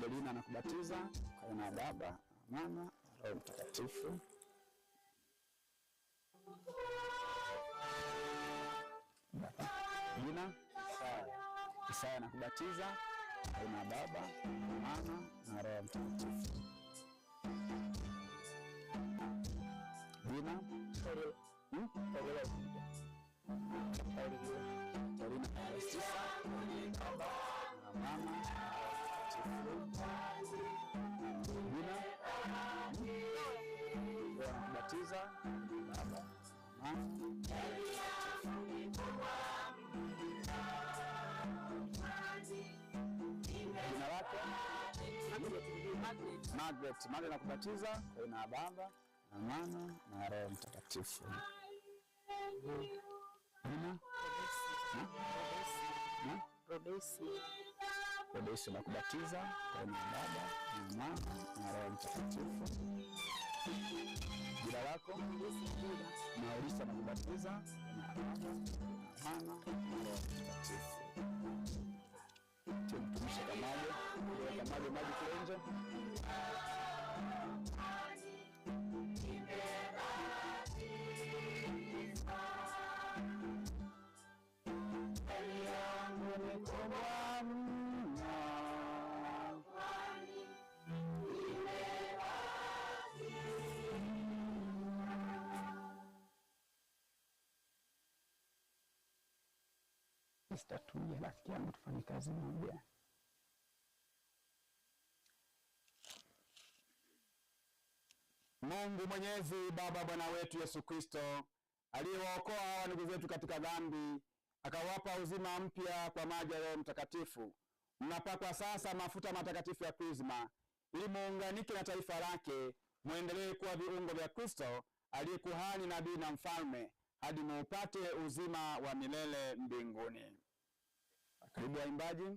Magdalina anakubatiza kwa jina la Baba, Mwana, Roho Mtakatifu. Jina Isaya anakubatiza kwa jina la Baba, Mwana na Roho Mtakatifu. Jina hmm? jina Margaret. Margaret nakubatiza kwa jina la Baba na Mwana na Roho Mtakatifu. Rodesi nakubatiza kwa jina la Baba na Mwana na Roho Mtakatifu wako na Olisa na kubatiza na amana maji kulenja Isitatulia rafiki yangu, tufanye kazi moja. Mungu Mwenyezi, Baba Bwana wetu Yesu Kristo, aliyewaokoa hawa ndugu zetu katika dhambi, akawapa uzima mpya kwa maji ya Roho Mtakatifu, mnapakwa sasa mafuta matakatifu ya Krisma ili muunganike na taifa lake, muendelee kuwa viungo vya Kristo aliye kuhani, nabii na mfalme hadi muupate uzima wa milele mbinguni. Karibu waimbaji.